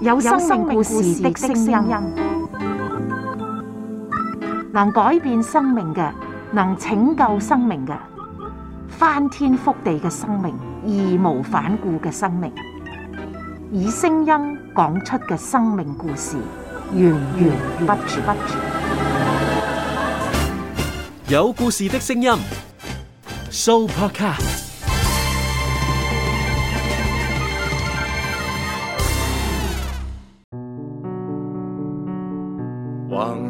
有生命故事的聲音，能改變生命嘅，能拯救生命嘅，翻天覆地嘅生命，義無反顧嘅生命，以聲音講出嘅生命故事，源源不絕。有故事的聲音，Sooopodcast。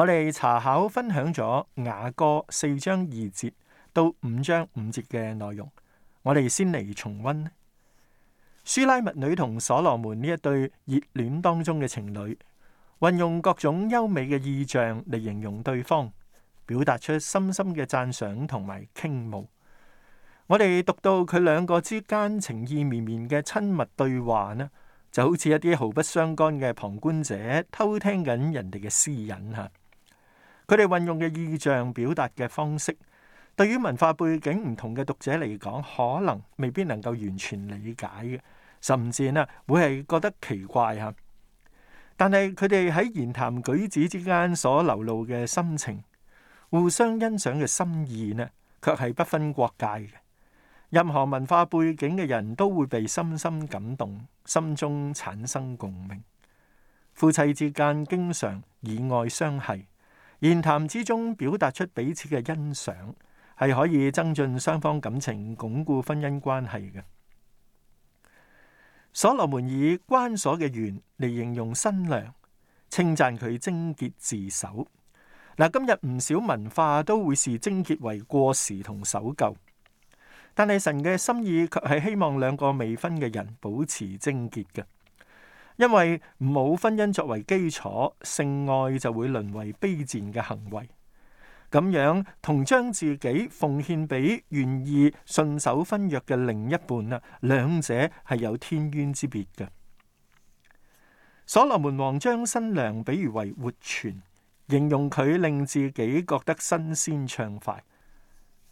我哋查考分享咗雅歌四章二節到五章五節嘅內容，我哋先嚟重溫。書拉密女同所羅門呢一對熱戀當中嘅情侶，運用各種優美嘅意象嚟形容對方，表達出深深嘅讚賞同埋傾慕。我哋讀到佢兩個之間情意綿綿嘅親密對話呢，就好似一啲毫不相干嘅旁觀者偷聽緊人哋嘅私隱吓。佢哋運用嘅意象表達嘅方式，對於文化背景唔同嘅讀者嚟講，可能未必能夠完全理解嘅，甚至呢會係覺得奇怪嚇。但係佢哋喺言談舉止之間所流露嘅心情，互相欣賞嘅心意呢，卻係不分國界嘅。任何文化背景嘅人都會被深深感動，心中產生共鳴。夫妻之間經常以愛相繫。言談之中表達出彼此嘅欣賞，係可以增進雙方感情，鞏固婚姻關係嘅。所羅門以關鎖嘅園嚟形容新娘，稱讚佢貞潔自守。嗱，今日唔少文化都會視貞潔為過時同守舊，但係神嘅心意卻係希望兩個未婚嘅人保持貞潔嘅。因為冇婚姻作為基礎，性愛就會淪為卑賤嘅行為。咁樣同將自己奉獻俾願意信守婚約嘅另一半啦，兩者係有天淵之別嘅。所羅門王將新娘比喻為活泉，形容佢令自己覺得新鮮暢快。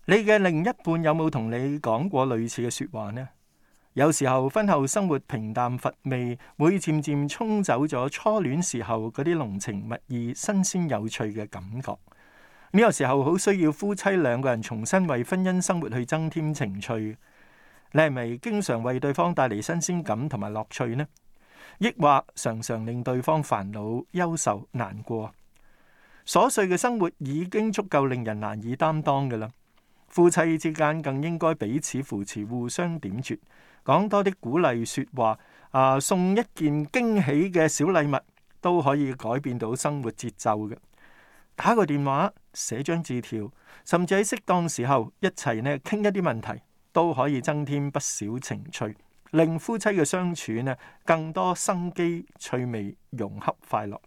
你嘅另一半有冇同你講過類似嘅說話呢？有時候婚後生活平淡乏味，會漸漸沖走咗初戀時候嗰啲濃情蜜意、新鮮有趣嘅感覺。呢個時候好需要夫妻兩個人重新為婚姻生活去增添情趣。你係咪經常為對方帶嚟新鮮感同埋樂趣呢？抑或常常令對方煩惱、憂愁、難過？瑣碎嘅生活已經足夠令人難以擔當㗎喇。夫妻之間更應該彼此扶持，互相點綴。講多啲鼓勵說話，啊、呃，送一件驚喜嘅小禮物都可以改變到生活節奏嘅。打個電話、寫張字條，甚至喺適當時候一齊呢傾一啲問題，都可以增添不少情趣，令夫妻嘅相處呢更多生機、趣味、融洽、快樂。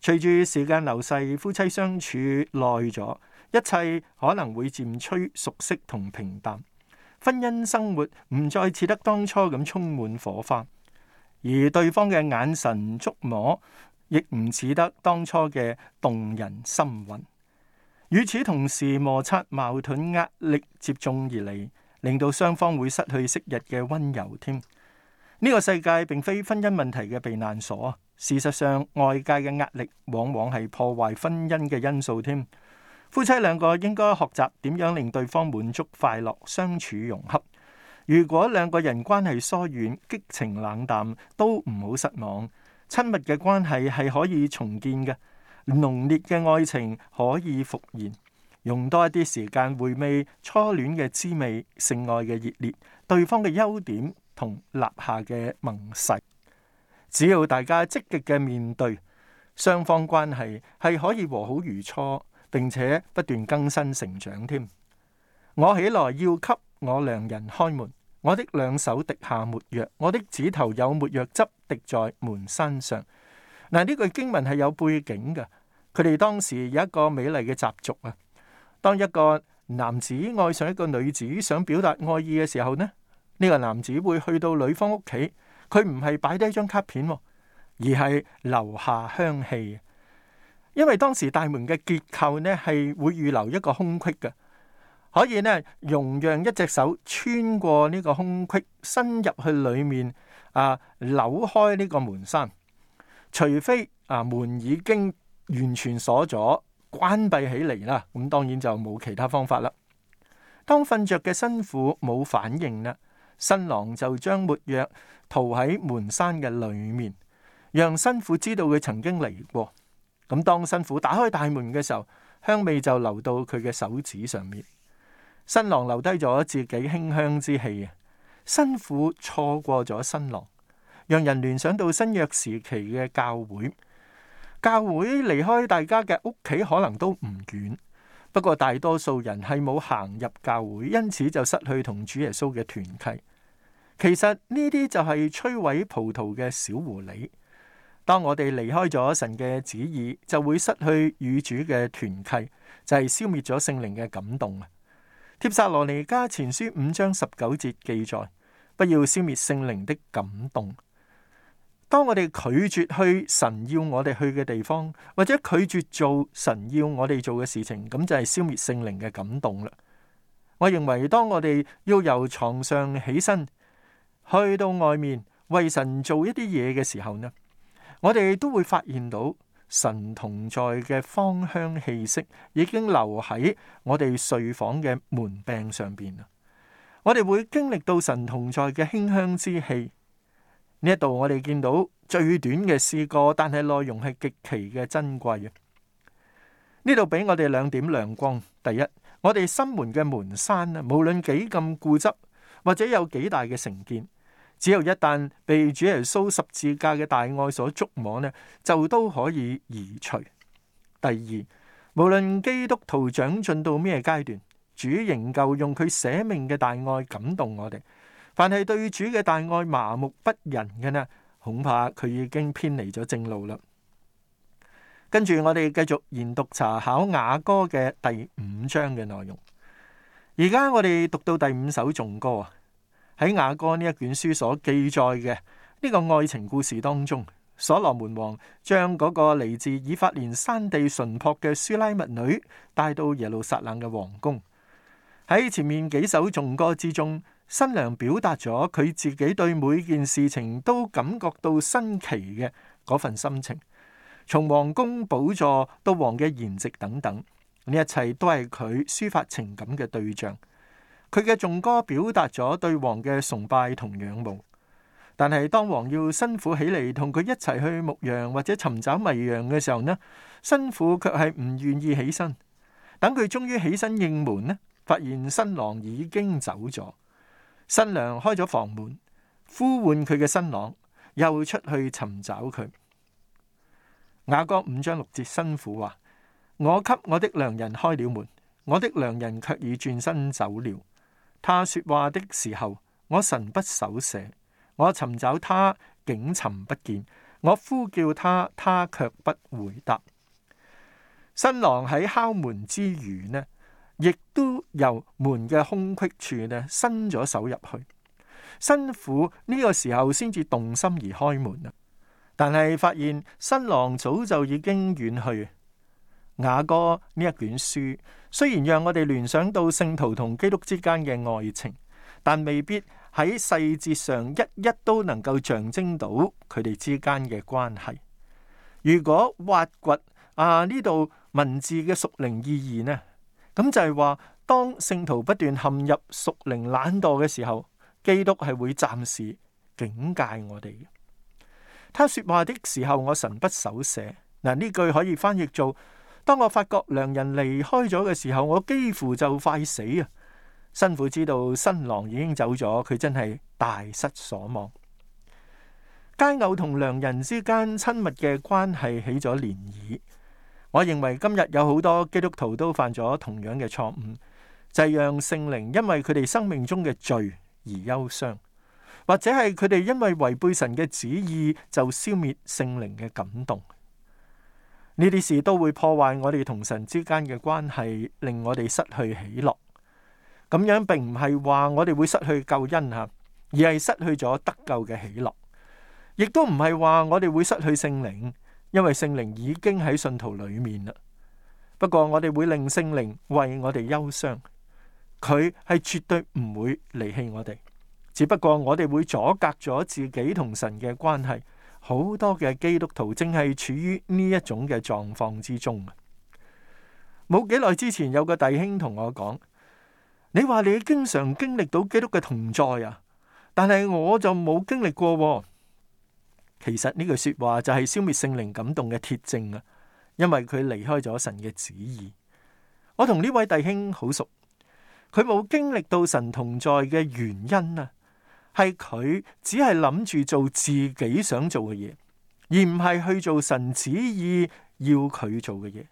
隨住時間流逝，夫妻相處耐咗，一切可能會漸趨熟，熟悉同平淡。婚姻生活唔再似得當初咁充滿火花，而對方嘅眼神觸摸亦唔似得當初嘅動人心魂。與此同時，摩擦、矛盾、壓力接踵而嚟，令到雙方會失去昔日嘅溫柔添。呢個世界並非婚姻問題嘅避難所。事實上，外界嘅壓力往往係破壞婚姻嘅因素添。夫妻兩個應該學習點樣令對方滿足、快樂、相處融洽。如果兩個人關係疏遠、激情冷淡，都唔好失望。親密嘅關係係可以重建嘅，濃烈嘅愛情可以復燃。用多一啲時間回味初戀嘅滋味、性愛嘅熱烈、對方嘅優點同立下嘅盟誓。只要大家積極嘅面對，雙方關係係可以和好如初。並且不斷更新成長添。我起來要給我良人開門，我的兩手滴下沒藥，我的指頭有沒藥汁滴在門身上。嗱，呢句經文係有背景㗎。佢哋當時有一個美麗嘅習俗啊。當一個男子愛上一個女子，想表達愛意嘅時候呢，呢個男子會去到女方屋企，佢唔係擺低一張卡片，而係留下香氣。因為當時大門嘅結構呢係會預留一個空隙嘅，可以呢容讓一隻手穿過呢個空隙，伸入去裏面啊，扭開呢個門閂。除非啊門已經完全鎖咗，關閉起嚟啦，咁當然就冇其他方法啦。當瞓著嘅新婦冇反應啦，新郎就將沒藥塗喺門閂嘅裏面，讓新婦知道佢曾經嚟過。咁當新婦打開大門嘅時候，香味就流到佢嘅手指上面。新郎留低咗自己馨香之氣啊！新婦錯過咗新郎，讓人聯想到新約時期嘅教會。教會離開大家嘅屋企可能都唔遠，不過大多數人係冇行入教會，因此就失去同主耶穌嘅團契。其實呢啲就係摧毀葡萄嘅小狐狸。當我哋離開咗神嘅旨意，就會失去與主嘅團契，就係消滅咗聖靈嘅感動啊。帖撒羅尼加前書五章十九節記載：不要消滅聖靈的感動。當我哋拒絕去神要我哋去嘅地方，或者拒絕做神要我哋做嘅事情，咁就係消滅聖靈嘅感動啦。我認為，當我哋要由床上起身去到外面為神做一啲嘢嘅時候呢？我哋都會發現到神同在嘅芳香氣息已經留喺我哋睡房嘅門柄上邊啦。我哋會經歷到神同在嘅馨香之氣。呢一度我哋見到最短嘅詩歌，但係內容係極其嘅珍貴啊！呢度俾我哋兩點亮光：第一，我哋心門嘅門閂啊，無論幾咁固執或者有幾大嘅成見。只有一旦被主耶穌十字架嘅大愛所觸摸呢，就都可以移除。第二，無論基督徒長進到咩階段，主仍舊用佢捨命嘅大愛感動我哋。凡係對主嘅大愛麻木不仁嘅呢，恐怕佢已經偏離咗正路啦。跟住我哋繼續研讀查考雅歌嘅第五章嘅內容。而家我哋讀到第五首頌歌啊！喺雅歌呢一卷書所記載嘅呢個愛情故事當中，所羅門王將嗰個嚟自以法蓮山地淳樸嘅書拉密女帶到耶路撒冷嘅皇宮。喺前面幾首頌歌之中，新娘表達咗佢自己對每件事情都感覺到新奇嘅嗰份心情。從皇宮寶座到王嘅筵席等等，呢一切都係佢抒發情感嘅對象。佢嘅頌歌表達咗對王嘅崇拜同仰慕，但係當王要新婦起嚟同佢一齊去牧羊或者尋找迷羊嘅時候呢，新婦卻係唔願意起身。等佢終於起身應門呢，發現新郎已經走咗。新娘開咗房門，呼喚佢嘅新郎，又出去尋找佢。雅歌五章六節，新婦話：我給我的良人開了門，我的良人卻已轉身走了。他說話的時候，我神不守舍，我尋找他，竟尋不見，我呼叫他，他卻不回答。新郎喺敲門之餘呢，亦都由門嘅空隙處呢伸咗手入去，新婦呢個時候先至動心而開門啦，但係發現新郎早就已經遠去。雅歌呢一卷書，雖然讓我哋聯想到聖徒同基督之間嘅愛情，但未必喺細節上一一都能夠象徵到佢哋之間嘅關係。如果挖掘啊呢度文字嘅屬靈意義呢，咁就係話，當聖徒不斷陷入屬靈懶惰嘅時候，基督係會暫時警戒我哋嘅。他說話的時候，我神不守舍。嗱，呢句可以翻譯做。當我發覺良人離開咗嘅時候，我幾乎就快死啊！新婦知道新郎已經走咗，佢真係大失所望。佳偶同良人之間親密嘅關係起咗漣漪。我認為今日有好多基督徒都犯咗同樣嘅錯誤，就係、是、讓聖靈因為佢哋生命中嘅罪而憂傷，或者係佢哋因為違背神嘅旨意，就消滅聖靈嘅感動。呢啲事都會破壞我哋同神之間嘅關係，令我哋失去喜樂。咁樣並唔係話我哋會失去救恩吓，而係失去咗得救嘅喜樂。亦都唔係話我哋會失去聖靈，因為聖靈已經喺信徒裏面啦。不過我哋會令聖靈為我哋憂傷，佢係絕對唔會離棄我哋。只不過我哋會阻隔咗自己同神嘅關係。好多嘅基督徒正係處於呢一種嘅狀況之中啊！冇幾耐之前有個弟兄同我講：你話你經常經歷到基督嘅同在啊，但係我就冇經歷過啊。其實呢句說話就係消滅聖靈感動嘅鐵證啊！因為佢離開咗神嘅旨意。我同呢位弟兄好熟，佢冇經歷到神同在嘅原因啊！係佢只係諗住做自己想做嘅嘢，而唔係去做神旨意要佢做嘅嘢。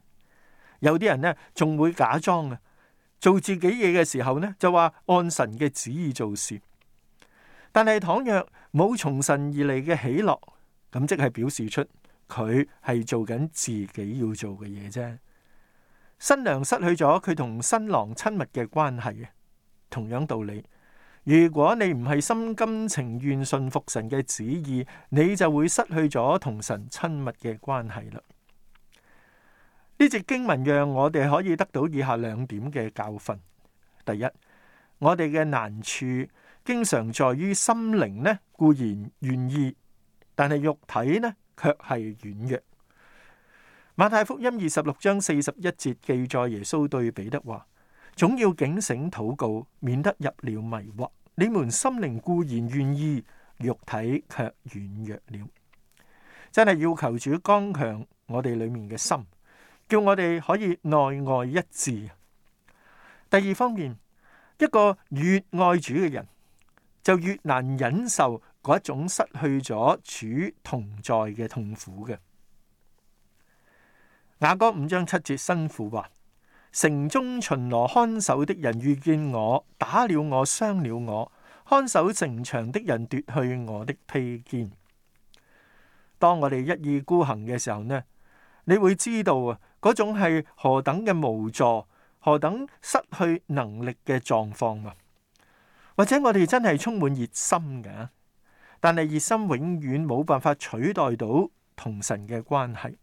有啲人呢仲會假裝呀，做自己嘢嘅時候呢就話按神嘅旨意做事。但係倘若冇從神而嚟嘅喜樂，咁即係表示出佢係做緊自己要做嘅嘢啫。新娘失去咗佢同新郎親密嘅關係，同樣道理。如果你唔係心甘情願信服神嘅旨意，你就會失去咗同神親密嘅關係啦。呢節經文讓我哋可以得到以下兩點嘅教訓：第一，我哋嘅難處經常在於心靈呢固然願意，但係肉體呢卻係軟弱。馬太福音二十六章四十一節記載耶穌對彼得話：總要警醒禱告，免得入了迷惑。你們心靈固然願意，肉體卻軟弱了。真係要求主剛強我哋裏面嘅心，叫我哋可以內外一致。第二方面，一個越愛主嘅人，就越難忍受嗰一種失去咗主同在嘅痛苦嘅。雅歌五章七節，辛苦話。城中巡邏看守的人遇見我，打了我，傷了我。看守城牆的人奪去我的披肩。當我哋一意孤行嘅時候呢，你會知道啊，嗰種係何等嘅無助，何等失去能力嘅狀況啊。或者我哋真係充滿熱心㗎，但係熱心永遠冇辦法取代到同神嘅關係。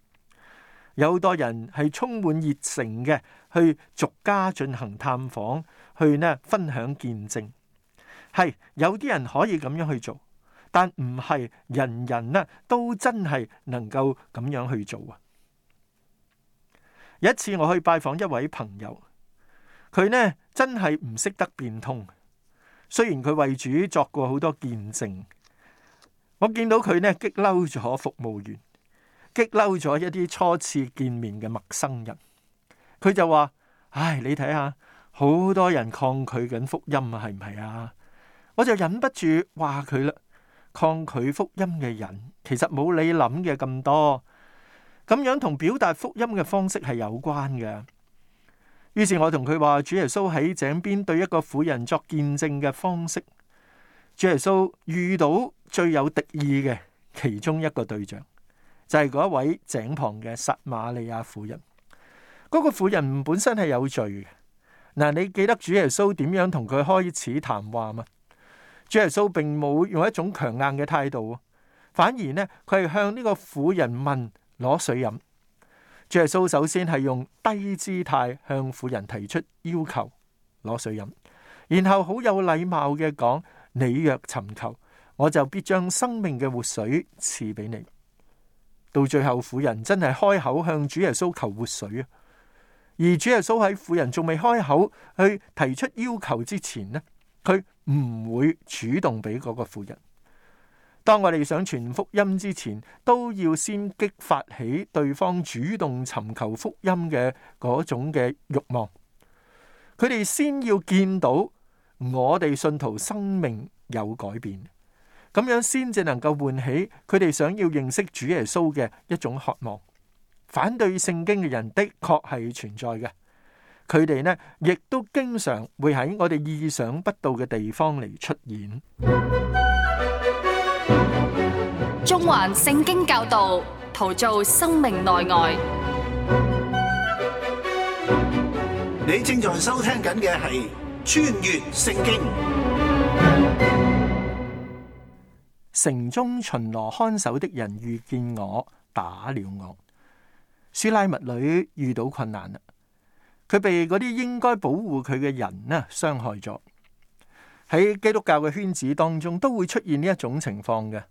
有多人係充滿熱誠嘅去逐家進行探訪，去呢分享見證。係有啲人可以咁樣去做，但唔係人人呢都真係能夠咁樣去做啊！有一次我去拜訪一位朋友，佢呢真係唔識得變通，雖然佢為主作過好多見證，我見到佢呢激嬲咗服務員。激嬲咗一啲初次見面嘅陌生人，佢就話：唉，你睇下，好多人抗拒緊福音啊，係唔係啊？我就忍不住話佢啦，抗拒福音嘅人其實冇你諗嘅咁多，咁樣同表達福音嘅方式係有關嘅。於是我同佢話：主耶穌喺井邊對一個婦人作見證嘅方式，主耶穌遇到最有敵意嘅其中一個對象。就係嗰一位井旁嘅撒瑪利亞婦人。嗰個婦人本身係有罪嘅。嗱，你記得主耶穌點樣同佢開始談話嘛？主耶穌並冇用一種強硬嘅態度，反而呢，佢係向呢個婦人問攞水飲。主耶穌首先係用低姿態向婦人提出要求攞水飲，然後好有禮貌嘅講：你若尋求，我就必將生命嘅活水賜俾你。到最後，婦人真係開口向主耶穌求活水啊！而主耶穌喺婦人仲未開口去提出要求之前呢，佢唔會主動俾嗰個婦人。當我哋想傳福音之前，都要先激發起對方主動尋求福音嘅嗰種嘅慾望。佢哋先要見到我哋信徒生命有改變。咁樣先至能夠喚起佢哋想要認識主耶穌嘅一種渴望。反對聖經嘅人的確係存在嘅，佢哋呢亦都經常會喺我哋意想不到嘅地方嚟出現。中環聖經教導，陶造生命內外。你正在收聽緊嘅係《穿越聖經》。城中巡邏看守的人遇見我，打了我。書拉密女遇到困難啦，佢被嗰啲應該保護佢嘅人呢傷害咗。喺基督教嘅圈子當中，都會出現呢一種情況嘅。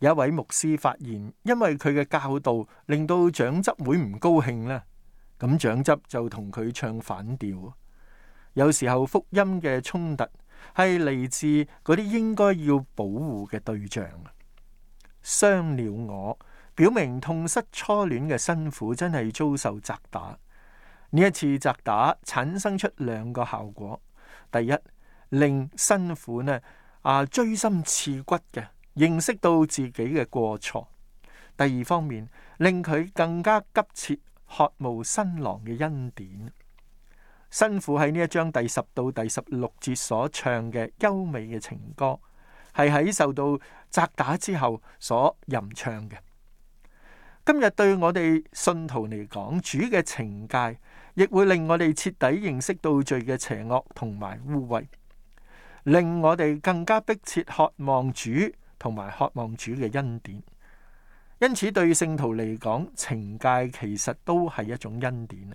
有一位牧師發現，因為佢嘅教導令到長執會唔高興呢，咁長執就同佢唱反調。有時候福音嘅衝突。係嚟自嗰啲應該要保護嘅對象啊！傷了我，表明痛失初戀嘅新婦真係遭受責打。呢一次責打產生出兩個效果：第一，令新婦呢啊錐心刺骨嘅認識到自己嘅過錯；第二方面，令佢更加急切渴慕新郎嘅恩典。辛苦喺呢一章第十到第十六節所唱嘅優美嘅情歌，係喺受到責打之後所吟唱嘅。今日對我哋信徒嚟講，主嘅懲戒亦會令我哋徹底認識到罪嘅邪惡同埋污穢，令我哋更加迫切渴望主同埋渴望主嘅恩典。因此對，對聖徒嚟講，懲戒其實都係一種恩典。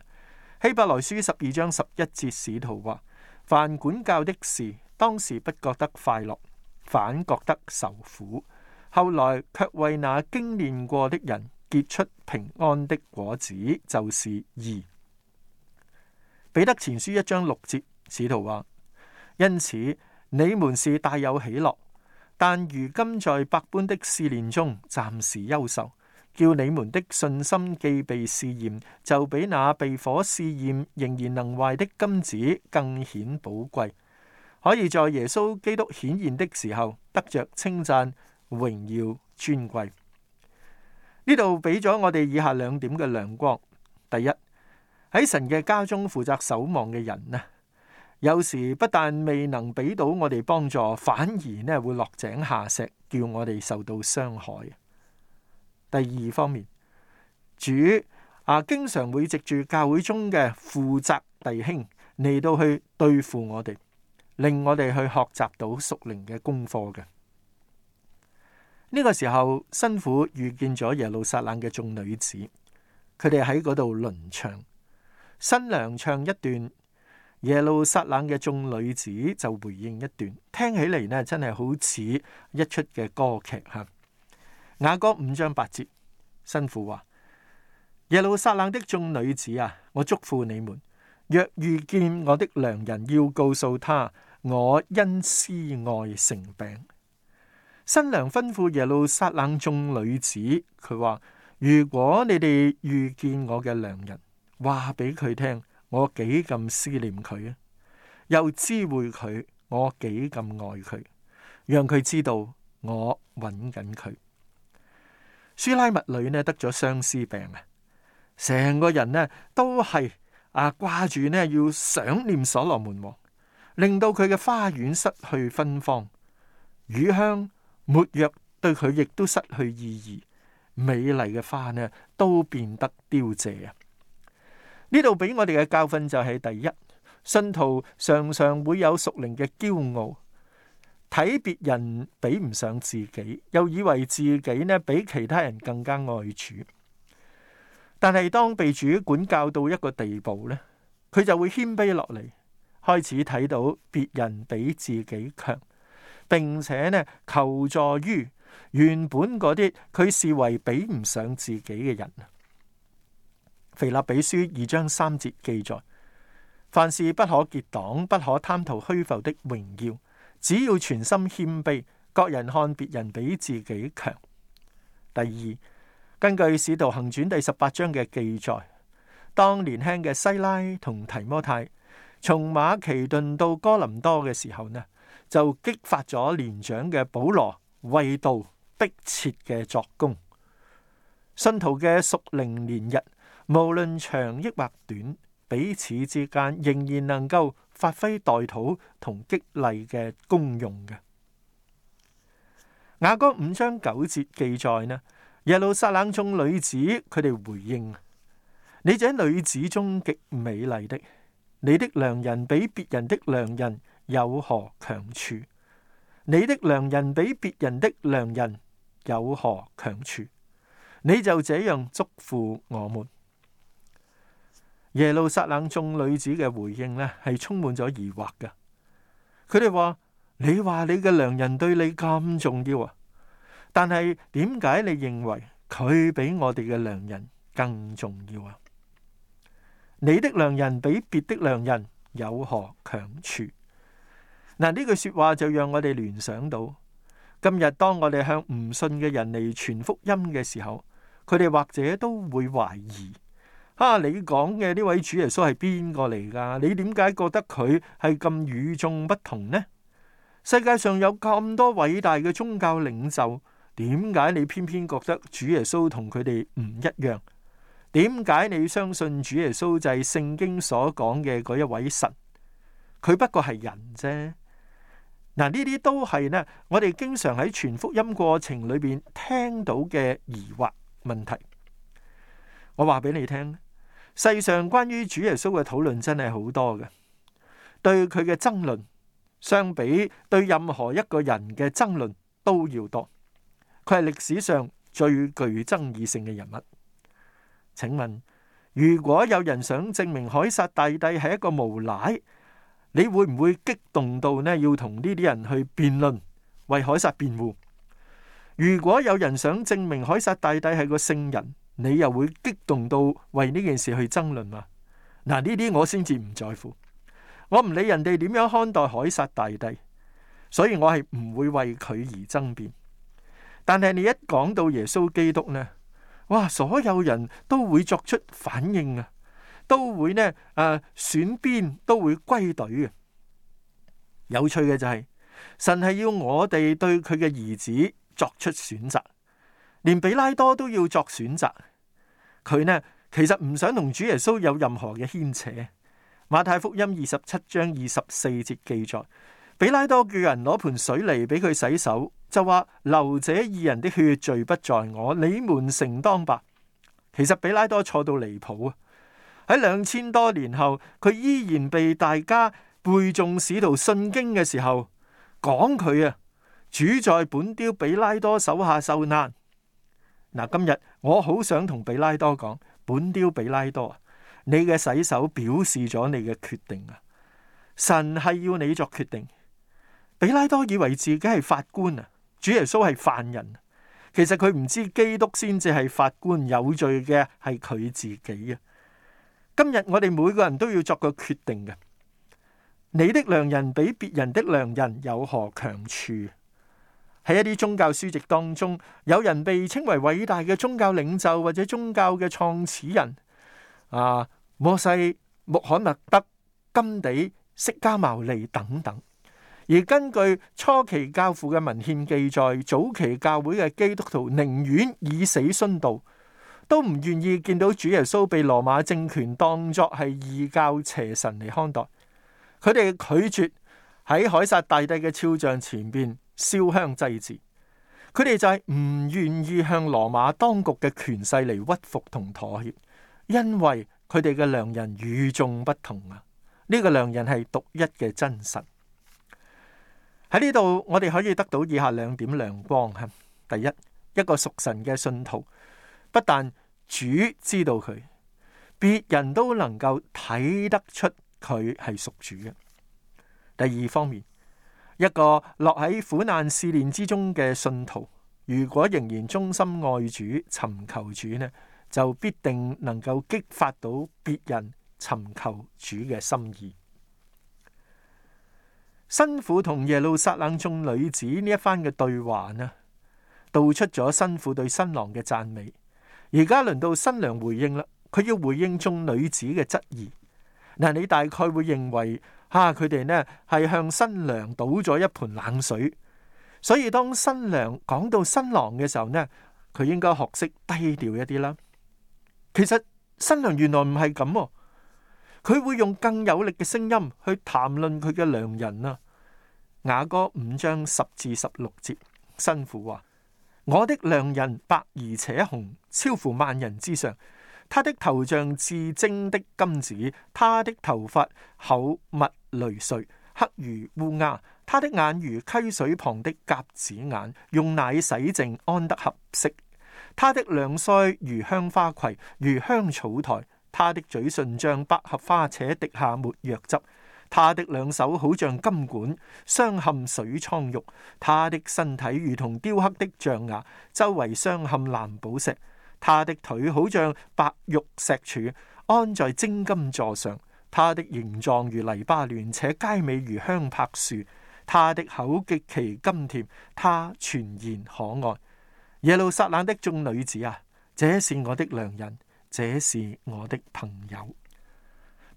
希伯來書十二章十一節，使徒話：凡管教的事，當時不覺得快樂，反覺得受苦；後來卻為那經驗過的人結出平安的果子，就是義。彼得前書一章六節，使徒話：因此你們是大有喜樂，但如今在百般的試煉中，暫時憂愁。」叫你們的信心既被試驗，就比那被火試驗仍然能壞的金子更顯寶貴，可以在耶穌基督顯現的時候得着稱讚、榮耀、尊貴。呢度俾咗我哋以下兩點嘅亮光：第一，喺神嘅家中負責守望嘅人呢，有時不但未能俾到我哋幫助，反而呢會落井下石，叫我哋受到傷害。第二方面，主啊，經常會藉住教會中嘅負責弟兄嚟到去對付我哋，令我哋去學習到屬靈嘅功課嘅。呢、這個時候，辛苦遇見咗耶路撒冷嘅眾女子，佢哋喺嗰度輪唱，新娘唱一段，耶路撒冷嘅眾女子就回應一段，聽起嚟呢，真係好似一出嘅歌劇吓。雅歌五章八節，新婦話：耶路撒冷的眾女子啊，我祝福你們。若遇見我的良人，要告訴他我因思愛成病。新娘吩咐耶路撒冷眾女子，佢話：如果你哋遇見我嘅良人，話俾佢聽我幾咁思念佢啊，又知會佢我幾咁愛佢，讓佢知道我揾緊佢。舒拉密女呢得咗相思病啊，成個人呢都係啊掛住呢要想念所羅門王，令到佢嘅花園失去芬芳，乳香、沒藥對佢亦都失去意義，美麗嘅花呢都變得凋謝啊！呢度俾我哋嘅教訓就係第一，信徒常常會有屬靈嘅驕傲。睇別人比唔上自己，又以為自己呢比其他人更加愛主。但係當被主管教到一個地步呢，佢就會謙卑落嚟，開始睇到別人比自己強，並且呢求助於原本嗰啲佢視為比唔上自己嘅人。腓立比書二章三節記載：凡事不可結黨，不可貪圖虛浮的榮耀。只要全心謙卑，各人看別人比自己強。第二，根據《使徒行傳》第十八章嘅記載，當年輕嘅西拉同提摩太從馬其頓到哥林多嘅時候呢，就激發咗年長嘅保羅為道迫切嘅作工。信徒嘅屬靈年日，無論長抑或短，彼此之間仍然能夠。發揮代禱同激勵嘅功用嘅，雅歌五章九節記載呢，耶路撒冷眾女子佢哋回應：你這女子中極美麗的，你的良人比別人的良人有何強處？你的良人比別人的良人有何強處？你就這樣祝福我們。耶路撒冷眾女子嘅回應呢，係充滿咗疑惑嘅。佢哋話：你話你嘅良人對你咁重要啊，但係點解你認為佢比我哋嘅良人更重要啊？你的良人比別的良人有何強處？嗱，呢句說話就讓我哋聯想到今日，當我哋向唔信嘅人嚟傳福音嘅時候，佢哋或者都會懷疑。哈、啊！你講嘅呢位主耶穌係邊個嚟㗎？你點解覺得佢係咁與眾不同呢？世界上有咁多偉大嘅宗教領袖，點解你偏偏覺得主耶穌同佢哋唔一樣？點解你相信主耶穌就係聖經所講嘅嗰一位神？佢不過係人啫。嗱，呢啲都係呢，我哋經常喺傳福音過程裏邊聽到嘅疑惑問題。我話俾你聽。世上關於主耶穌嘅討論真係好多嘅，對佢嘅爭論相比對任何一個人嘅爭論都要多。佢係歷史上最具爭議性嘅人物。請問，如果有人想證明凱撒大帝係一個無賴，你會唔會激動到呢？要同呢啲人去辯論，為凱撒辯護？如果有人想證明凱撒大帝係個聖人？你又會激動到為呢件事去爭論嘛？嗱，呢啲我先至唔在乎，我唔理人哋點樣看待凱撒大帝，所以我係唔會為佢而爭辯。但係你一講到耶穌基督呢，哇，所有人都會作出反應啊，都會呢，誒、啊、選邊，都會歸隊啊。有趣嘅就係、是、神係要我哋對佢嘅兒子作出選擇。連彼拉多都要作選擇，佢呢其實唔想同主耶穌有任何嘅牽扯。馬太福音二十七章二十四節記載，彼拉多叫人攞盆水嚟俾佢洗手，就話流這義人的血，罪不在我，你們承當吧。其實彼拉多錯到離譜啊！喺兩千多年後，佢依然被大家背誦使徒信經嘅時候講佢啊，主在本丟彼拉多手下受難。嗱，今日我好想同比拉多講，本丟比拉多啊，你嘅洗手表示咗你嘅決定啊！神係要你作決定。比拉多以為自己係法官啊，主耶穌係犯人，其實佢唔知基督先至係法官，有罪嘅係佢自己啊！今日我哋每個人都要作個決定嘅，你的良人比別人的良人有何強處？喺一啲宗教書籍當中，有人被稱為偉大嘅宗教領袖或者宗教嘅創始人，啊，摩西、穆罕默德、甘地、釋迦牟尼等等。而根據初期教父嘅文獻記載，早期教會嘅基督徒寧願以死殉道，都唔願意見到主耶穌被羅馬政權當作係異教邪神嚟看待。佢哋拒絕喺凱撒大帝嘅肖像前邊。燒香祭祀，佢哋就係唔願意向羅馬當局嘅權勢嚟屈服同妥協，因為佢哋嘅良人與眾不同啊！呢、這個良人係獨一嘅真神。喺呢度，我哋可以得到以下兩點亮光：第一，一個屬神嘅信徒，不但主知道佢，別人都能夠睇得出佢係屬主嘅。第二方面。一個落喺苦難試煉之中嘅信徒，如果仍然忠心愛主、尋求主呢，就必定能夠激發到別人尋求主嘅心意。新婦同耶路撒冷眾女子呢一番嘅對話呢，道出咗新婦對新郎嘅讚美。而家輪到新娘回應啦，佢要回應眾女子嘅質疑。嗱，你大概會認為，吓佢哋呢係向新娘倒咗一盆冷水，所以當新娘講到新郎嘅時候呢，佢應該學識低調一啲啦。其實新娘原來唔係咁，佢會用更有力嘅聲音去談論佢嘅良人啊。雅歌五章十至十六節，新婦話，我的良人白而且紅，超乎萬人之上。他的頭像至精的金子，他的頭髮厚密。累垂黑如烏鴉，他的眼如溪水旁的鴿子眼，用奶洗淨安得合適。他的兩腮如香花葵，如香草苔、苔，他的嘴唇像百合花，且滴下沒藥汁。他的兩手好像金管鑲嵌水蒼玉，他的身體如同雕刻的象牙，周圍鑲嵌藍寶石。他的腿好像白玉石柱，安在精金座上。它的形狀如黎巴嫩，且佳美如香柏樹。它的口極其甘甜，它全然可愛。耶路撒冷的眾女子啊，這是我的良人，這是我的朋友。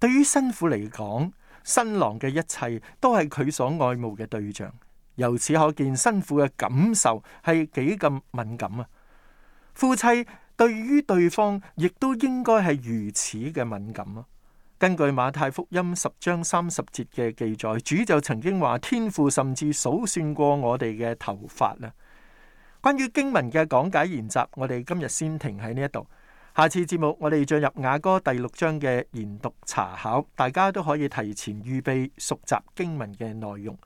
對於新婦嚟講，新郎嘅一切都係佢所愛慕嘅對象。由此可見，新婦嘅感受係幾咁敏感啊！夫妻對於對方亦都應該係如此嘅敏感啊！根據馬太福音十章三十節嘅記載，主就曾經話天父甚至數算過我哋嘅頭髮啦。關於經文嘅講解研習，我哋今日先停喺呢一度。下次節目我哋進入雅歌第六章嘅研讀查考，大家都可以提前預備熟習經文嘅內容。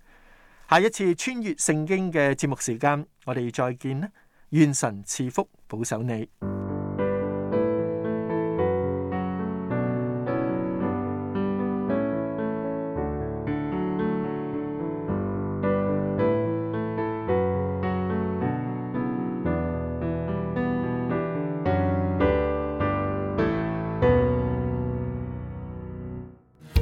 下一次穿越聖經嘅節目時間，我哋再見啦！願神賜福保守你。